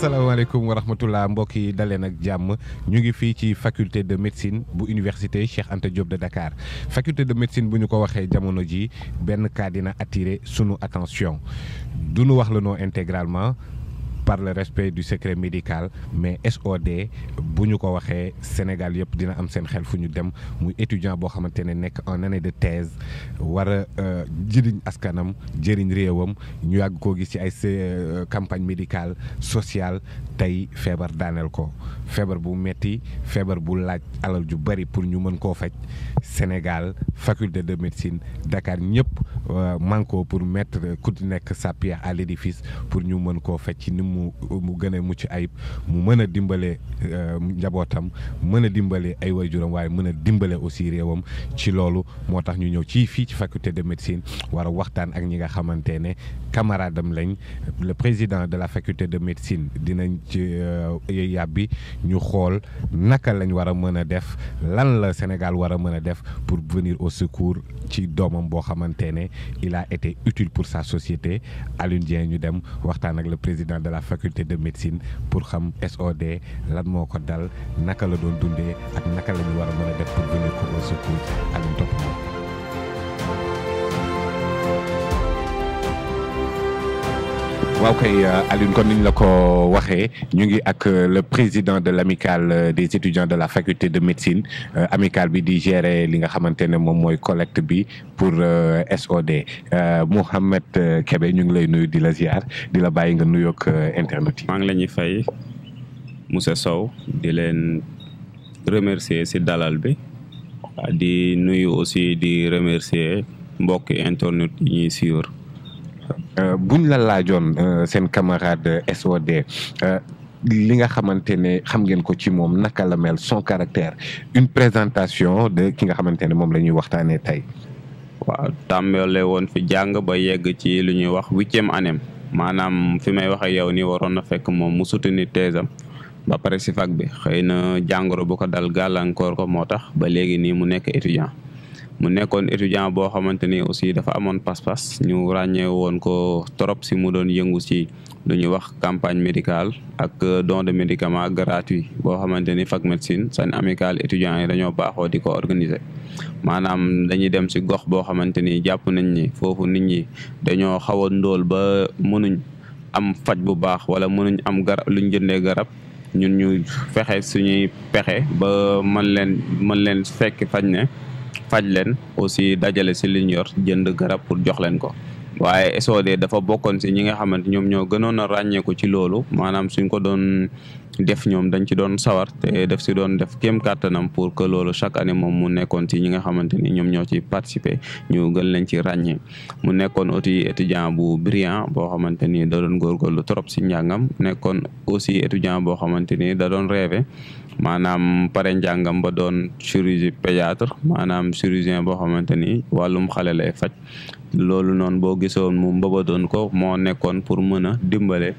alaikum wa rahmatullah mbokk yi daleen ak jàmm ñu ngi fi ci faculté de médecine bu université Cheikh Anta Diop de Dakar faculté de médecine bu ñu ko waxé jamono ji ben cas dina attirer sunu attention du nu wax le intégralement par le respect du secret médical mais SOD si ko waxé Sénégal yépp dina am sen xel fu dem en année de thèse euh, askanam jëriñ réewam ñu gis ci euh, campagne médicale sociale tay fièvre danel ko fièvre bu metti bu laaj alal ju bari pour ñu mën Sénégal faculté de médecine Dakar euh, manko pour mettre euh, ku di nekk sa pierre à l'édifice pour ñu mën ko fecc ni mu mu gëné a mucc ayib mu mëna dimbalé dimbale euh, mëna dimbalé ay waajuram way mëna dimbalé aussi réewam ci lolu motax ñu ñëw ci fi ci faculté de médecine war waxtaan ak ñi nga xamante ne camarade lañ le président de la faculté de médecine dinañ ci yàbbi ñu xol naka lañ wara mëna def lan la Sénégal wara mëna def pour venir au secours ci domam bo xamanté il a été utile pour sa société Alun Dien, ñu dem waxtaan ak le président de la faculté de médecine pour xam SOD lan moo ko dal naka la doon dundee ak pour venir ko au secours à topp Nous kay euh, Alioune kon euh, le président de l'amicale euh, des étudiants de la faculté de médecine amicale collecte pour SOD Mohamed Kébé nous la ziar la internet Sow remercier dalal aussi remercier mbokk internet Euh, buñ la laajoon euh, seen camarade SOD euh, li nga xamante ne xam ngeen ko ci moom naka la mel son caractère une présentation de ki nga xamante ne moom la ñuy waxtaanee tey. waaw tàmbale woon fi jàng ba yegg ci lu ñuy wax huitième année maanaam fi may wax ak yow nii waroon na fekk moom mu soutenir thèse am ba pare si fac bi xëy na jàngoro bu ko dal gàllankoor ko moo tax ba léegi nii mu nekk étudiant. mu nekkoon étudiant boo xamante ni aussi dafa amoon pas-pas ñu ràññee woon ko trop si mu doon yëngu si lu ñuy wax campagne médicale ak euh, don de médicament gratuit boo xamante ni fac médecine seen amicale étudiants yi dañoo baaxoo di ko organiser. maanaam dañuy dem si gox boo xamante ni jàpp nañ ni foofu nit ñi dañoo xaw a ndóol ba mënuñ am faj bu baax wala mënuñ am garab luñ jënde garab. ñun ñu fexe suñuy pexe ba mën leen mën leen fekk fañ ne faj leen aussi dajale si liñ yor jënd garab pour jox leen ko waaye SOD dafa bokkoon si ñi nga xamante ñoom ñoo gënoon a ràññeeku ci loolu maanaam suñ ko doon def ñoom dañ ci doon sawar te daf si doon def kéem kattanam pour que loolu chaque année moom mu nekkoon si ñi nga xamante ni ñoom ñoo ci participer ñu gën leen ci ràññee mu nekkoon aussi étudiant bu brillant boo xamante ni da doon góorgóorlu trop si njàngam nekkoon aussi étudiant boo xamante ni da doon maanaam pare njàngam ba doon chirurgie pédiatre maanaam chirurgien boo xamante ni wàllum xale lay faj loolu noonu boo gisoon mu doon ko moo nekkoon pour mën a dimbale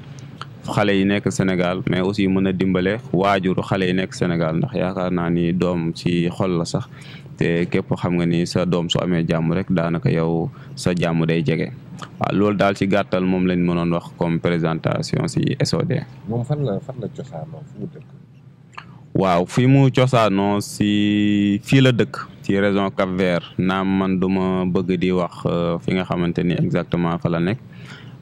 xale yi nekk Sénégal mais aussi mën a dimbale waajuru xale yi nekk Sénégal ndax yaakaar naa ni doom ci xool la sax te képp xam nga ni sa doom su amee jàmm rek daanaka yow sa jàmm day jege waaw loolu daal ci gàttal moom lañ mënoon wax comme présentation ci SOD. moom fan la fan la cosaanoo waaw fi mu cosaanoo si fii la dëkk ci région cap vert naam man duma bëgg di wax euh, fi nga xamante ni exactement fa la nekk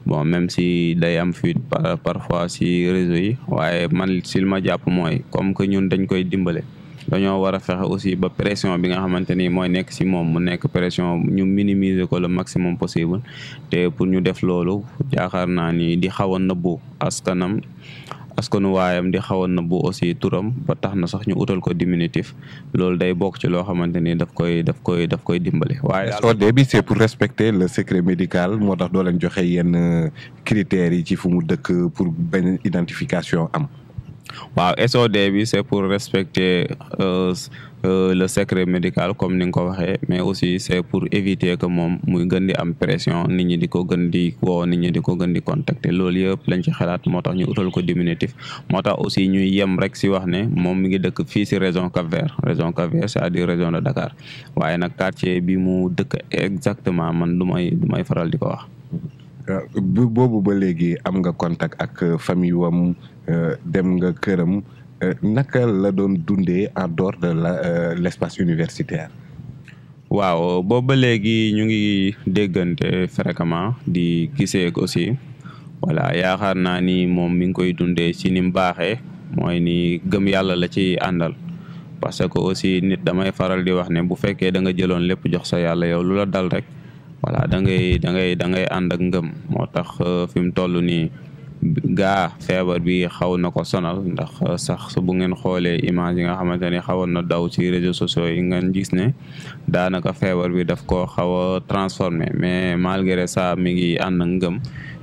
bon même si day am par parfois si réseau yi waaye man sil ma jàpp mooy comme que ñun dañ koy dimbale dañoo war a fexe aussi ba pression bi nga xamante ni mooy nekk si moom mu nekk pression ñu minimiser ko le maximum possible te pour ñu def loolu yaakaar naa ni di xaw a nëbbu askanam askanu waayam di xawoon na bu aussi turam ba tax na sax ñu utal ko diminutif loolu day bokk ci loo xamante ni daf koy daf koy daf koy dimbale. waaye SOD bi c'est pour respecter le secret médical moo tax doo joxe yenn critères yi ci fu mu dëkk pour benn identification am. waaw SOD bi c'est pour respecter euh, euh, le secret médical comme ni nga ko waxee mais aussi c'est pour éviter que moom muy gën am pression nit ñi di ko gën di woo nit ñi di ko gën di contacter loolu yëpp lañ ci xalaat moo tax ñu utal ko diminutif moo tax aussi ñuy yem rek si wax ne moom mi ngi dëkk fii si région Cap-Vert région Cap-Vert c'est-à-dire de Dakar waaye nag quartier bi mu dëkk exactement man du may du faral di ko wax. Euh, boobu ba léegi am nga contact ak euh, famille wam Eh, dem nga këram eh, naka la doon dundee en dehors de la eh, l' espace universitaire waaw booba léegi ñu ngi déggante fréquemment di giseeg aussi voilà yaakaar naa ni moom mi ngi koy dundee ci ni mu baaxee mooy ni gëm yàlla la ci àndal parce que aussi nit damay faral di wax ne bu fekkee da nga jëloon lépp jox sa yàlla yow lu la dal rek voilà da ngay da ngay da ngay ànd ak ngëm moo tax fi mu toll nii gaa feebar bi xaw na ko sonal ndax uh, sax bu ngeen xoolee image yi nga xamante ne xawoon na daw si réseaux sociaux yi ngeen gis ne daanaka feebar bi daf koo xaw a transformé mais malgré ça mi ngi ànd ak ngëm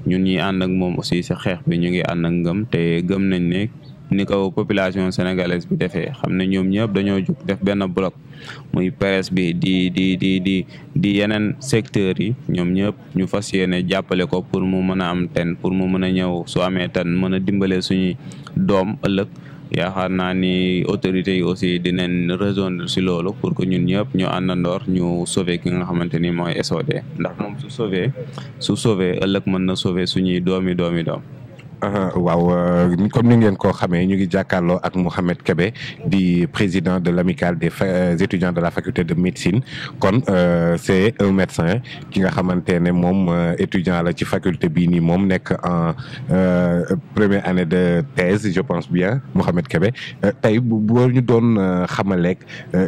ñun ñi ànd ak moom aussi si xeex bi ñu ngi ànd ak te gëm nañ ne ni kaw population sénégalaise bi defee xam ne ñoom ñëpp dañoo jóg def benn bloc muy presse bi di di di di di yeneen secteurs yi ñoom ñëpp ñu fas yéene jàppale ko pour mu mën a am ten pour mu mën a ñëw su amee tan mën a dimbalee suñuy doom ëllëg yaakaar naa ni autorités yi aussi dinañ raisonner si loolu pour que ñun ñëpp ñu àndandoor ñu sauver ki nga xamante ni mooy SOD ndax moom su sauver su sauver ëllëg mën na sauver suñuy doomi doomi doom Euh, waaw euh, comme ni ngeen ko xamee ñu ngi jàkkaarloo ak Mouhamed Kébé di président de l'amicale des euh, étudiants de la faculté de médecine kon c'est un médecin ki nga xamante ne moom étudiant la ci faculté bii nii moom nekk en première année de thèse je pense bien Mouhamed Kébé tey bu ñu doon xamaleeg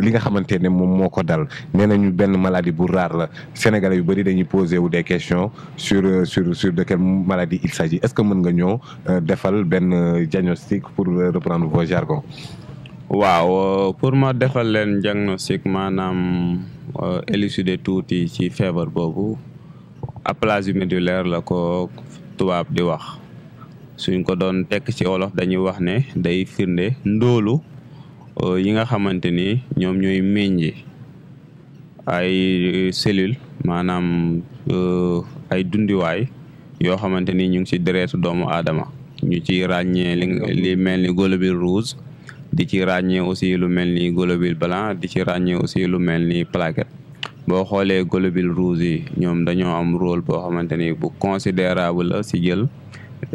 li nga xamante ne moom moo ko dal nee nañu benn maladie bu rare la Sénégalais yu bëri dañuy poser wu des questions sur sur sur de quelle maladie il s'agit est-ce que mën nga ñëw Euh, defal benn euh, diagnostic pour euh, reprendre vos jargons. waaw pour ma defal leen diagnostic maanaam élucider touti ci feebar boobu aplasie médullaire la ko tubaab di wax suñ ko doon tekk ci olof dañuy wax ne day firnde ndóolu yi nga xamante ni ñoom ñooy meññi ay cellules maanaam ay dundiwaay yoo xamante ni ñu ngi ci dereetu doomu aadama ñu ci ràññee li li mel ni globule rouge di ci ràññee aussi lu mel ni globule blanc di ci ràññee aussi lu mel ni plaquette boo xoolee globule rouge yi ñoom dañoo am rôle boo xamante ni bu considérable la ci jël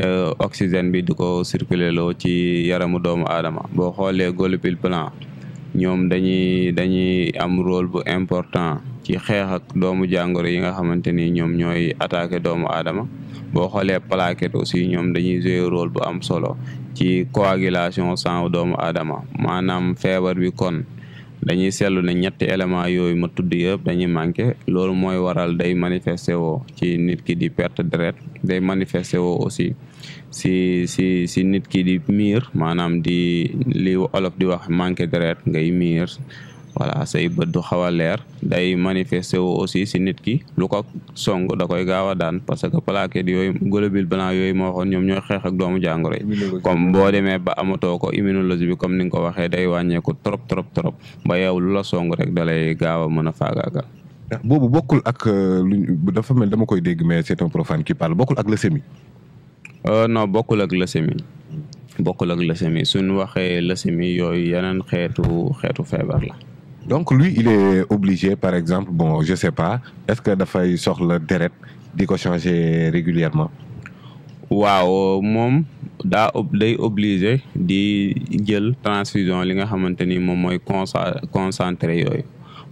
euh, oxygène bi di ko circuler loo ci yaramu doomu aadama boo xoolee globule blanc ñoom dañuy dañuy am rôle bu important ci xeexak ak doomu jàngoro yi nga xamante ni ñoom ñooy attaqué doomu aadama boo xoolee plaquette aussi ñoom dañuy jouer rôle bu am solo ci coagulation sang doomu aadama maanaam feebar bi kon dañuy seetlu ne ñetti éléments yooyu ma tudd yëpp dañuy manqué loolu mooy waral day manifesté woo ci nit ki di perte deret day manifesté woo aussi si si si nit ki di miir maanaam di li olof di wax manqué deret ngay miir voilà sey bët du xaw a leer day manifesté wo aussi si nit ki lu ko song da koy gaaw a daan parce que plaquettes yooyu globules blancs yooyu moo waxoon ñoom ñooy xeexak ak doomu jàngoro yi comme boo demee ba amatoo ko immunologie bi comme ni nga ko waxee day wàññeeku trop trop trop ba yow lu la song rek da lay gaaw a mën a faagaagal ndax boobu bokkul ak euh, lu dafa dama koy dégg mais c'est un profane qui bokkul ak leucémie euh, non bokkul ak leucémie hmm. bokkul ak leucémie suñ waxee leucémie yooyu yeneen xeetu xeetu feebar la donc lui il est obligé par exemple bon je ne sais pas est-ce que dafay le le direct ko changer régulièrement waaw il est day obligé faire la transfusion li nga xamante maintenir concentré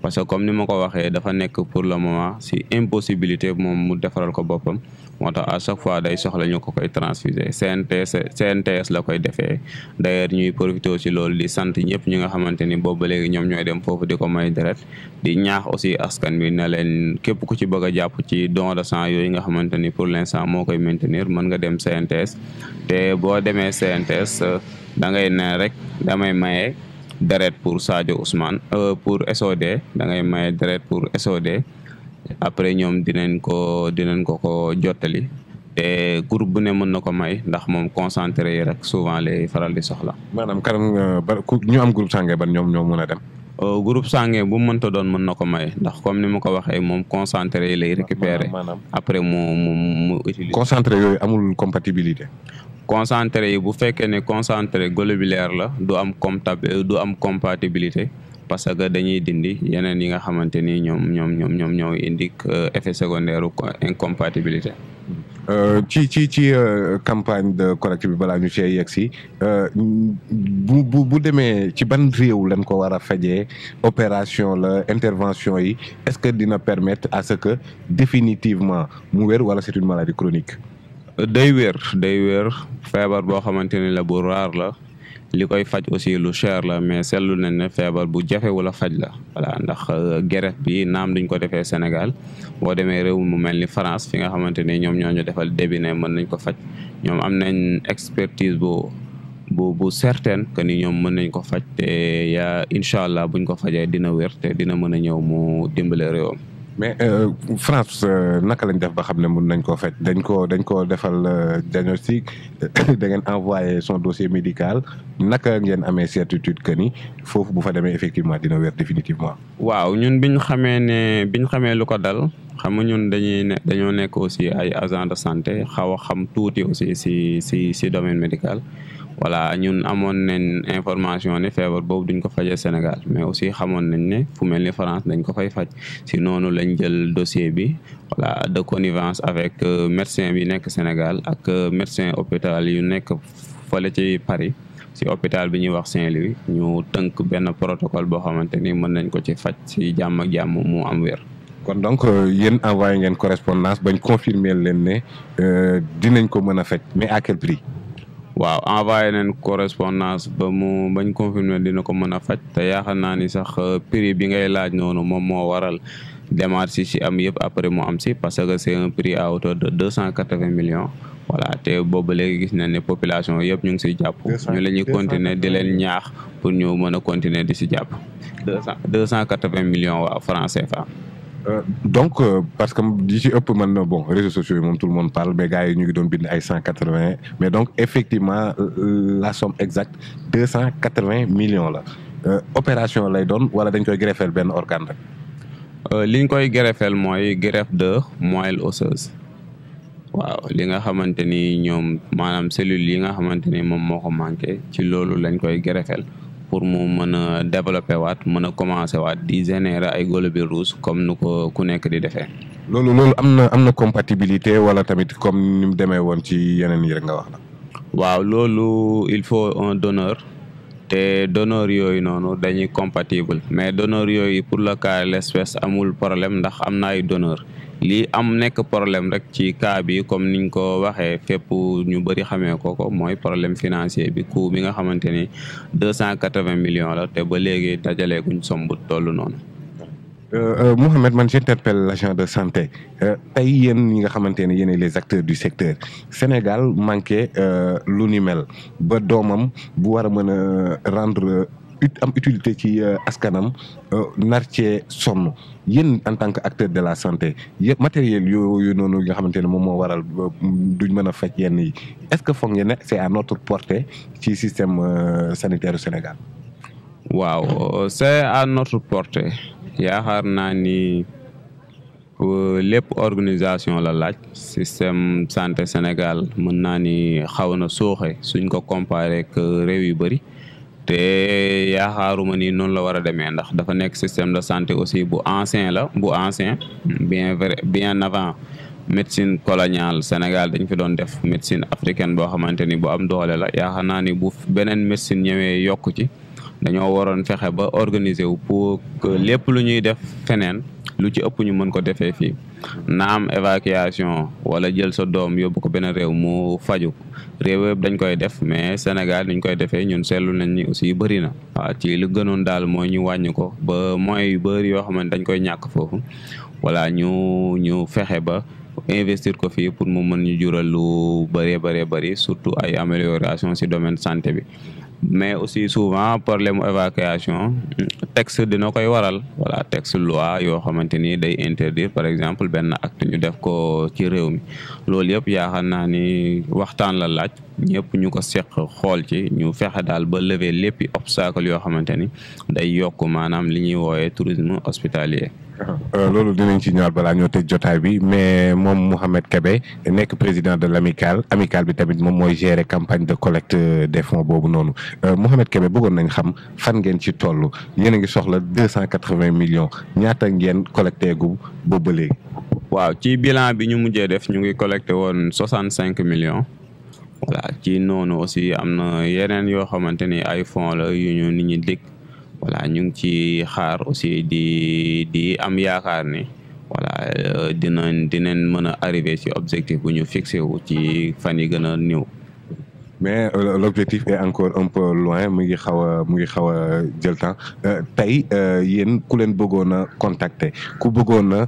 parce que comme ni ma ko dafa nek pour le moment si impossibilité moom mu defaral ko boppam moo tax à chaque fois day soxla ñu ko koy transfuser CNTS CNTS la koy defee d' ñuy profité si loolu di sant ñëpp ñi nga xamante ni boobu ba léegi ñoom ñooy dem foofu di may deret di ñaax aussi askan bi ne leen képp ku ci bëgg a jàpp ci don de sang yooyu nga xamante ni pour l' instant koy maintenir mën nga dem CNTS te boo demee CNTS da ngay ne rek damay deret pour Sadio Ousmane euh, pour SOD dangay ngay maye deret pour SOD après ñoom dinañ ko dinañ ko ko jottali te groupe bu ne mën na ko may ndax moom concentré yi rek souvent lay faral di soxla. maanaam kanam ba euh, ñu am groupe sanguin ban ñoom ñoo mën a dem. Euh, groupe sanguin bu mu mënta doon mën na ko may ndax comme ni ma ko waxee moom concentré yi lay récupérer après mu mu mu utiliser. concentré yooyu amul compatibilité. concentré bu fekké né concentré globulaire la du am comptable, du am compatibilité parce que dañuy dindi yeneen yi nga xamanteni ñom ñom ñom ñom ñoom ñoo indi euh, effet secondaire incompatibilité euh, ci ci ci euh, campagne de collecte bi balaa ñu cee yexi si bu bu bu demee ci ban réew lañ ko wara fajé opération la intervention yi est-ce que dina permettre à ce que définitivement mu wér wala c'est une maladie chronique day wér day feebar boo xamante ni la bu raar la li koy faj aussi lu chair la mais seetlu nañ ne feebar bu jafe wala faj la voilà ndax euh, geref bi naam duñ ko defee Sénégal boo demee réew mu mel ni France fi nga xamante ni ñoom ñoo ñu defal débine mën nañ ko faj ñoom am nañ expertise bu bu bu certaine que ni ñoom mën nañ ko faj te yaa incha allah buñ ko fajee dina wér te dina mën a ñëw mu dimbale réewam. mais euh, France euh, naka lañ def ba xamné mën nañ ko fait dañ ko dañ ko defal euh, diagnostic da ngeen envoyé son dossier médical naka ngeen amé certitude que ni fofu bu fa démé effectivement dina wér définitivement. waaw ñun biñ xamé né biñ xamé lu ko dal xam ñun dañuy ne dañoo nekk aussi ay agent de santé xaw xam tuuti aussi si si si domaine médical voilà ñun amoon nañ information ne feebar bobu duñ ko fajee Sénégal mais aussi xamone nañ ne fu melni France dañ ko fay faj si nonu lañ jël dossier bi voilà de connivence avec euh, médecin bi nek Sénégal ak euh, médecin hôpital yu nek falé ci Paris si hôpital bi ñuy wax Saint-Louis ñu tënk ben protocole bo xamante ni mën nañ ko ci faj si jamm ak jamm mu am wér. kon donc euh, yeen envoyé ngeen correspondance bañ confirmer leen ne dinañ ko mëna faj mais à quel prix. waaw envoyé nañ correspondance ba mu bañ confirmer dina ko mën a faj te yaakaar naa ni sax euh, prix bi ngay laaj noonu moom moo waral démarche si am yëpp après mu am si parce que c'est un prix à hauteur de cent quatre-vingts millions voilà te boobu léegi gis nañ ne population yëpp ñu ngi siy jàpp ñu la ñuy continuer di leen ñaax pour ñu mën a continuer di si jàpp deux cent quatre-vingts millions waaw francs CFA Euh, donc euh, parce que di ci peu maintenant, bon réseaux sociaux tout le monde parle mais gars yi ñu ngi doon bind mais donc effectivement euh, la somme exacte 280 millions là. millions là. opération lay donne wala dañ koy greffel ben organe rek. li ñu koy greffel mooy greffe de moelle osseuse waaw li nga xamanteni ni ñoom maanaam cellule yi nga xamanteni ni moom moo manqué ci loolu lañ koy greffel pour mu mën développer wat mën commencer wat di générer ay globules rouges comme nous ko ku nek di défé lolu lolu amna amna compatibilité wala tamit comme ni démé demee ci yenen yi rek nga wax la. waaw lolu il faut un donneur te donneur yoy noonu dañuy compatible mais donneur yoy pour le cas l'espèce amul problème ndax amna ay donneur lii am nekk problème rek ci cas bi comme niñ ko waxee fépp ñu bëri xamee ko ko mooy problème financier bi coût bi nga xamante ni deux cent quatre-vingts millions la te ba léegi dajaleeguñ somb toll noonu. Euh, euh, Mouhamed man la l'agent de santé euh, tey yéen ñi nga xamante ne yéen les acteurs du secteur Sénégal manqué lu ni mel ba doomam bu war a mën a rendre. am utilité ci euh, askanam euh, nar cee sonn en tant que acteur de la santé matériel yooyu noonu nga xamante mom mo waral euh, duñ mëna a yenn est-ce que foog c'est à notre portée ci système sanitaire au Sénégal. waaw c'est à notre portée yaakaar naa ni lépp organisation la laaj système santé Sénégal mën naa ni xaw na sooxe suñ ko comparé ak réew yu bëri. te yaakaaruma ni noonu la war a demee ndax dafa nekk système de santé aussi bu ancien la bu ancien bien vrai bien avant médecine coloniale Sénégal dañ fi doon def médecine africaine boo xamante ni bu am doole la yaakaar naa ni bu beneen médecine ñëwee yokku ci dañoo waroon fexe ba organiser wu pour que lépp lu ñuy def feneen lu ci ëpp ñu mën ko defee fii naam évacuation wala jël sa doom yóbbu ko benn réew mu faju réew dañ koy def mais Sénégal niñ koy defee ñun seetlu nañ ni aussi bëri na. waaw ci lu gënoon daal mooy ñu wàññi ko ba moyens yu bëri yoo xam ne dañ koy ñàkk foofu voilà ñu ñu fexe ba. investir ko fii pour mu mën ñu jural lu bëree bëree bari surtout ay amélioration ci domaine santé bi mais aussi souvent les évacuations texte dina koy waral voilà texte loi yoo xamante ni day interdire par exemple ben acte ñu def ko ci réew mi loolu yëpp yaakaar naa ni waxtaan la laaj ñëpp ñu ko seq xool ci ñu fexe daal ba lever léppi obstacle yoo xamante ni day yokk maanaam li ñuy wooyee tourisme hospitalier. Euh, loolu dinañ ci ñëwaat balaa ñoo tëj jotaay bi mais moom Mouhamed Kébé nekk président de l'amicale amicale bi tamit moom mooy géré campagne de collecte euh, des fonds boobu noonu euh, Mouhamed Kébé bëggoon nañ xam fan ngeen ci toll yéen a ngi soxla 280 millions ñaata ngeen collecté gu boobu ba léegi. waaw ci bilan bi ñu mujjee def ñu ngi collecté woon 65 millions. voilà ci noonu aussi am na yeneen yoo xamante ni ay fonds la yu ñu nit ñi dégg voilà ñu ngi ci xaar aussi di di am yaakaar ni voilà euh, dina dinañ mën a arrivé ci objectif bu ñu fixé wu ci fan yi gën a néew. mais euh, l'objectif est encore un peu loin mu ngi xaw a mu xaw a jël temps euh, tey yéen ku leen bëggoon a contacter ku bëggoon a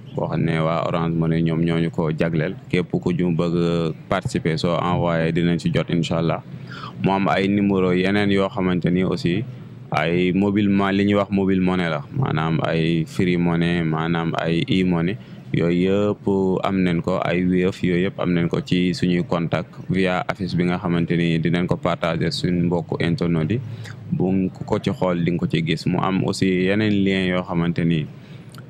boo xam ne waa Orange Money ñoom ñoo ñu ko jagleel képp ku ñu bëgg participer soo envoyé dinañ ci jot incha allah mu am ay numéro yeneen yoo xamante ni aussi ay mobile ma li ñuy wax mobile money la maanaam ay free money maanaam ay e money yooyu yëpp am nañ ko ay Wave yooyu yëpp am nañ ko ci suñuy contact via affice bi nga xamante ni dinañ ko partager suñ mbokku internautes yi bu ko ci xool di nga ko ci gis mu am aussi yeneen lien yoo xamante ni.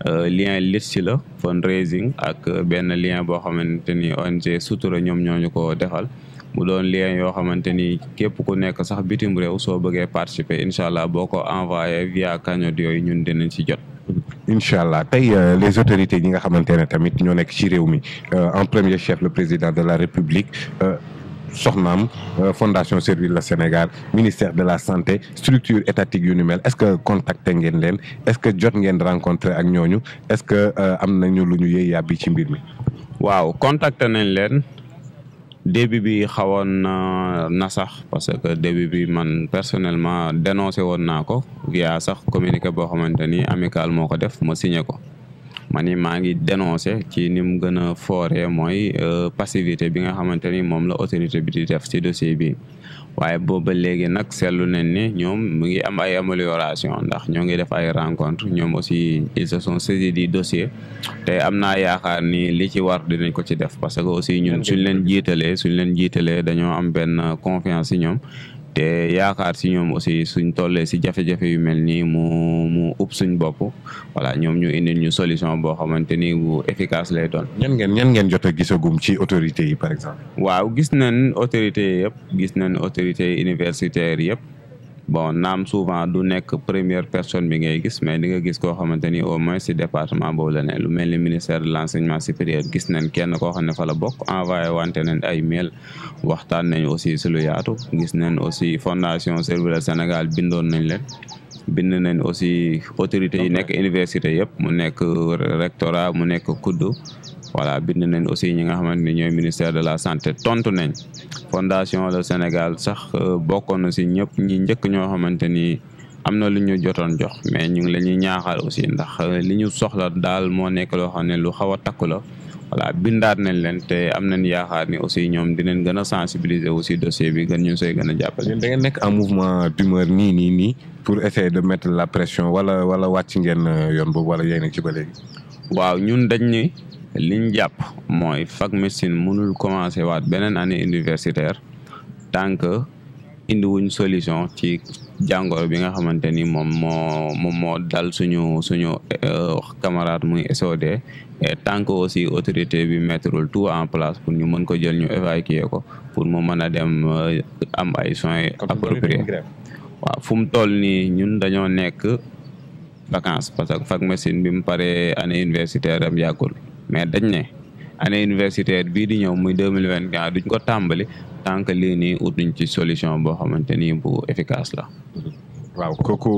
Euh, lien list ci la fundraising ak euh, benn lien boo xamante ni ONG Sutura ñoom ñoo ñu ko defal mu doon lien yoo xamante ni képp ku nekk sax bitim réew soo bëggee participer incha allah boo ko envoyé via cagnotte yooyu ñun dinañ ci jot. incha allah tey euh, les autorités ñi nga xamante ne tamit ñoo nekk ci réew mi en premier chef le président de la république. soxnaam euh, fondation Servir le Sénégal ministère de la santé structure étatique yu ni mel est-ce que contacté ngeen leen est-ce que jot ngeen rencontré ak ñooñu est-ce que euh, am nañu lu ñu yëy yàbbi ci mbir mi. waaw contacté nañ leen début bi xawoon na sax parce que début bi man personnellement dénoncé woon naa ko via sax communiqué boo xamante ni amical moo ko def ma signé ko. man ni maa ngi dénoncé ci ni mu gën a fooree mooy euh, passivité bi nga xamante ni moom la autorité bi di def ci dossier bi waaye booba léegi nag seetlu nañ ne ñoom mu ngi am ay amélioration ndax ñoo ngi def ay rencontre ñoom aussi ils se sont saisis du dossier te am naa yaakaar ni li ci war dinañ ko ci def parce que aussi ñun suñ leen jiitalee suñ leen jiitalee dañoo am benn confiance ci ñoom te yaakaar si ñoom aussi suñ tollee si jafe-jafe yu mel nii mu mu ub suñ bopp voilà ñoom ñu indil ñu solution boo xamante ni bu efficace lay doon. ñan ngeen ñan ngeen jot a gisagum ci autorités yi par exemple. waaw gis nañ autorité yëpp gis nañ autorités universitaires yëpp. bon naam souvent du nekk première personne bi ngay gis mais di nga gis koo xamante ni au moins si département boobu mel ni ministère de l' enseignement supérieur gis nañ kenn koo xam ne fa bokk envoyé wante nañ ay mail waxtaan nañ aussi si yaatu gis nañ aussi fondation Servir Sénégal bindoon nañ leen bind nañ aussi autorités yi nekk université yëpp mu nekk rectorat mu nekk kuddu voilà bind nañ aussi ñi nga xamante ni ñooy ministère de la santé tontu nañ fondation le Sénégal sax euh, bokkoon na si ñëpp ñi njëkk ñoo xamante ni am na lu ñu jotoon jox mais ñu ngi la ñuy ñaaxal aussi ndax euh, li ñu soxla daal moo nekk loo xam ne lu xaw a takku la voilà bindaat nañ leen te am nañ yaakaar ni aussi ñoom dineen gën a sensibiliser aussi dossier bi gën ñu see gën a jàppale. da ngeen nekk en mouvement d'humeur nii nii nii pour essayer de mettre la pression wala wala wàcc ngeen euh, yoon boobu wala yéen ci ba léegi. waaw ñun dañ ni liñ jàpp mooy fac médecine mënul commencé waat beneen année universitaire tant que indi wuñ solution ci jàngoro bi nga xamante ni moom moo moom moo dal suñu suñu euh, camarade muy SOD et tant que aussi autorité bi mettrul tout en place pour ñu mën ko jël ñu évacuer ko pour mu mën a dem euh, am ay soins appropriés waaw fu mu toll nii ñun dañoo nekk vacances parce que fac médecine bi mu paree année universitaire am yàggul mais dañ ne année universitaire bii di ñëw muy deux mille vingt quatre duñ ko tàmbali tant que lii nii utuñ ci solution boo xamante ni bu efficace la. waaw kooku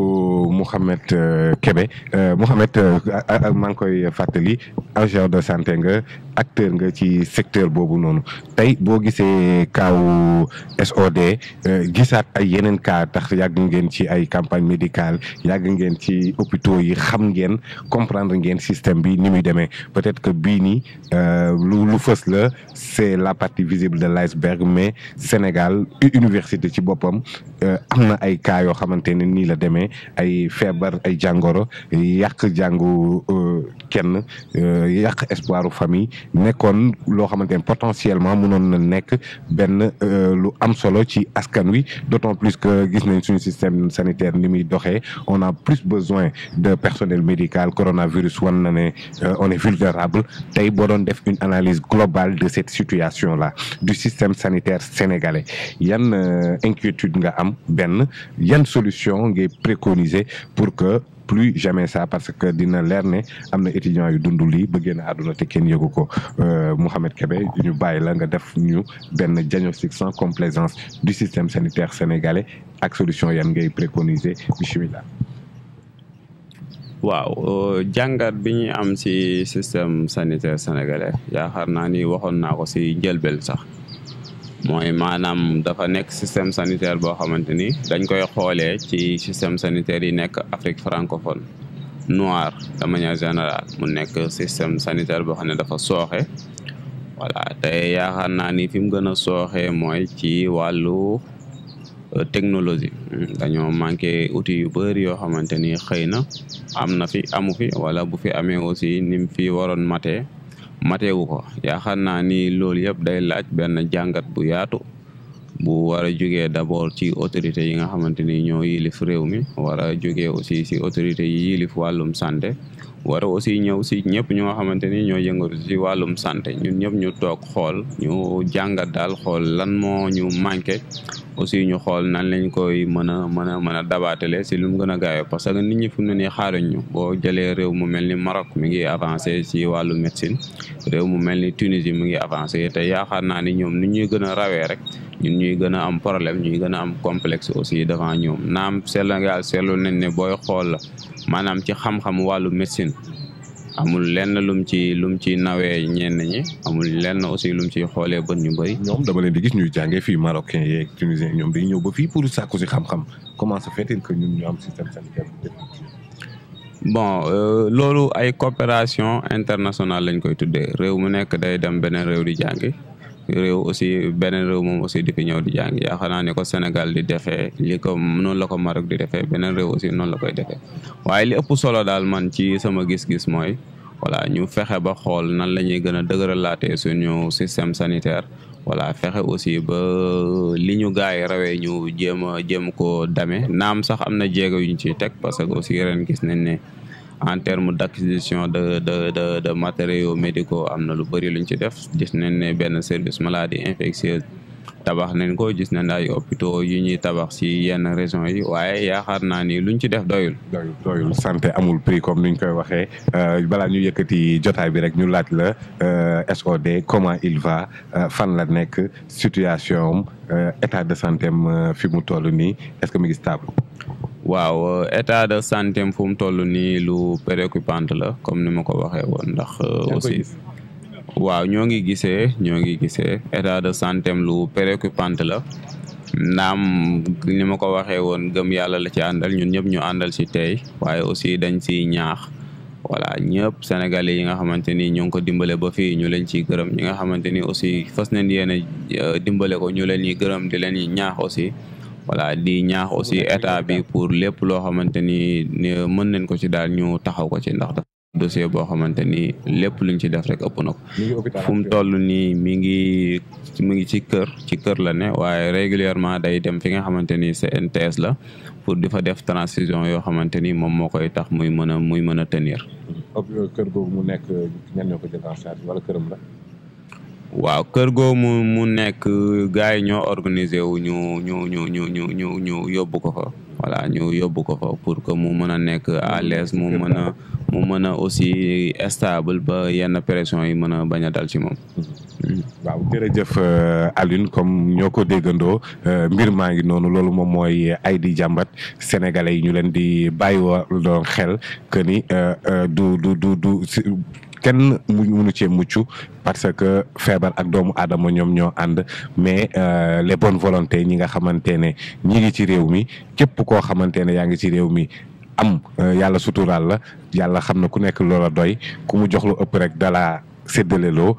Mouhamed euh, Kébé euh, Mouhamed euh, maa man koy fàttali agent de santé nga acteur nga ci secteur bobu noonu tay bo gisee kaaw SOD euh, gisaat ay yenen cas tax yag ngeen ci ay campagne médicale yag ngeen ci hôpitaux yi xam ngeen comprendre ngeen système bi ni muy demee peut-être que bi ni euh, lu lu fës la c'est la partie visible de l'iceberg mais Sénégal université ci bopam euh, amna ay cas yo xamante ni la démé ay fièvre ay jàngoro yàq jàngu kenn yàq espoiru famille nekkoon loo xamante ne potentiellement mënoon na nekk benn euh, lu am solo ci askan wi d'autant plus que gis nañ suñu système sanitaire ni on a plus besoin de personnel médical coronavirus wan na ne euh, on est vulnérable tey boo def une analyse globale de cette situation là du système sanitaire sénégalais Il y a une inquiétude il y a une solution est préconiser pour que plus jamais ça parce que dina leer ne am na étudiants yu dundou li ba génn àdduna te kenn yëgu ko euh, Mohamed Kébé ñu bàyyi la nga def ñu ben diagnostic sans complaisance du système sanitaire sénégalais ak solution yan ngay préconiser bismillah waaw euh, jàngat bi ñuy am ci système sanitaire sénégalais yaakaar naa ni waxoon naa ko ci njëlbeen sax mooy maanaam dafa nekk système sanitaire boo xamante ni dañ koy xoolee ci système sanitaire yi nekk Afrique francophone noir de manière générale mu nekk système sanitaire boo xam ne dafa sooxe voilà te yaakaar naa ni fi mu gën a sooxee mooy ci wàllu euh, technologie dañoo manqué uti yu bëri yoo xamante ni xëy na am na fi amu fi wala bu fi amee aussi ni fi waroon matee wu ko yaakaar naa ni loolu yëpp day laaj benn jàngat bu yaatu bu war a jógee d'abord ci autorités yi nga xamante ni ñoo yilif réew mi war a jógee aussi si autorités yi yilif wàllum santé war aussi ñëw si ñëpp ñu nga xamante ni ñoo yëngatu si wàllum santé ñun ñëpp ñu toog xool ñu jàngat daal xool lan moo ñu manqué aussi ñu xool nan lañ koy mën a mën a mën a dabaatale si lu mu gën a gaawee parce que nit ñi fu mu ne nii xaaruñ ñu boo jëlee réew mu mel ni Maroc mi ngi avancé si wàllu médecine réew mu mel ni Tunisie mi ngi avancé te yaakaar naa ni ñoom ni ñuy gën a rawee rek ñun ñuy gën a am problème ñuy gën a am complexe aussi devant ñoom naam Sénégal seetlu nañ ne booy xool maanaam ci xam-xam wàllu médecine amul lenn lum ci lum ci nawee ñenn ñi amul lenn aussi lum ci xoolee bët ñu bëri. ñoom dama leen di gis ñuy jàngee fii marocain yee tunisien ñoom dañuy ñëw ba fii pour sàkku si xam-xam comment ça fait ñun ñu am système sanitaire bon euh, loolu ay coopération internationale lañ koy tuddee réew mu nekk day dem beneen réew di jàngi réew aussi beneen réew moom aussi di fi ñëw di jàng yaakaar naa ko Sénégal di defee li ko noonu la ko Maroc di defee beneen réew aussi noonu la koy defee waaye li ëpp solo daal man ci sama gis-gis mooy voilà ñu fexe ba xool nan la ñuy gën a dëgëralaatee suñu système sanitaire voilà fexe aussi ba li ñu gars yi rawee ñu jéem a jéem koo dame naam sax am na jéego yu ñu ciy teg parce que aussi ren gis nañ ne en terme d'acquisition de de de de matériaux médicaux am na lu bari luñ ci def gis nañ ne benn service maladie infectieuse tabax nañ ko gis nañ ay hôpitaux yu ñuy tabax si yenn région yi waaye yaakaar naa ni luñ ci def doyul. doyul doyul santé amul prix comme ni ñu koy waxee euh, balaa ñu yëkkati jotaay bi rek ñu laaj la euh, SOD comment il va euh, fan la nekk situation état de santé am fi mu toll nii est-ce que mu stable. waaw euh, état de santé fu mu toll nii lu préoccupant la comme ni ma ko waxee woon ndax euh, aussi waaw ñoo ngi gisee ñoo ngi gisee état de santé lu préoccupant la naam ni ma ko waxee woon gëm yàlla la ci àndal ñun ñëpp ñu àndal si tey waaye aussi dañ siy ñaax voilà ñëpp sénégalais yi nga xamante ni ñoo ngi ko dimbale ba fii ñu leen ci gërëm ñi nga xamante ni aussi fas nañ yéene euh, dimbale ko ñu leen ñuy gërëm di leen ñaax aussi voilà di ñaax aussi état bi pour lépp loo xamante ni mën nañ ko ci daal ñu taxaw ko ci ndax dossier boo xamante ni lépp luñ ci def rek ëpp na ko fu mu toll nii mi ngi mi ngi ci kër ci kër la ne waaye régulièrement day dem fi nga xamante ni CNTS la pour di fa def transition yoo xamante ni moom moo koy tax muy mën a muy mën a tenir kër googu mu nekk ñan ñoo ko jël wala këram waaw kër goo mu nekk gars yi ñoo organisé wu ñu ñu ñu ñu ñu ñu ñu yóbbu ko fa voilà ñu yóbbu ko fa pour que mu mën a nekk à les mu mën a mu mën a aussi stable ba yenn pression yi mën a bañ a dal ci moom mhm. waaw jërëjëf euh, Alioune comme ñoo ko déggandoo euh, mbir maa ngi noonu loolu moom mooy ay di jàmbat sénégalais yi ñu leen di bàyyi wa doon xel que ni euh, du du du du kenn mu munu cee mucc parce que feebar ak doomu aadama ñoom ñoo ànd mais euh, les bonnes volontés ñi nga xamante ne ñi ngi ci réew mi képp koo xamante ne yaa ngi ci réew mi am euh, yàlla suturaal la yàlla xam na ku nekk loola doy ku mu jox lu ëpp rek dala séddale loo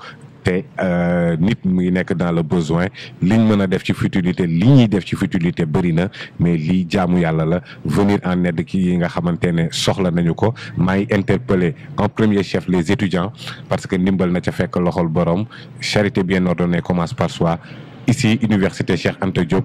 euh nit muy nek dans le besoin liñ mëna def ci futilité li de def ci futilité bari na mais li jaamu yalla la venir en aide qui nga xamantene soxla nañu ko may interpeller en premier chef les étudiants parce que ndimbal na ca fekk loxol borom charité bien ordonnée commence par soi ici université Cheikh Anta Diop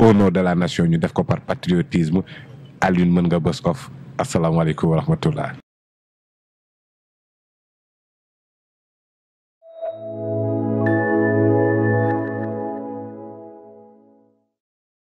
au nom de la nation ñu def ko par patriotisme Alioune mën nga bës of asalaamaaleykum wa rahmatullah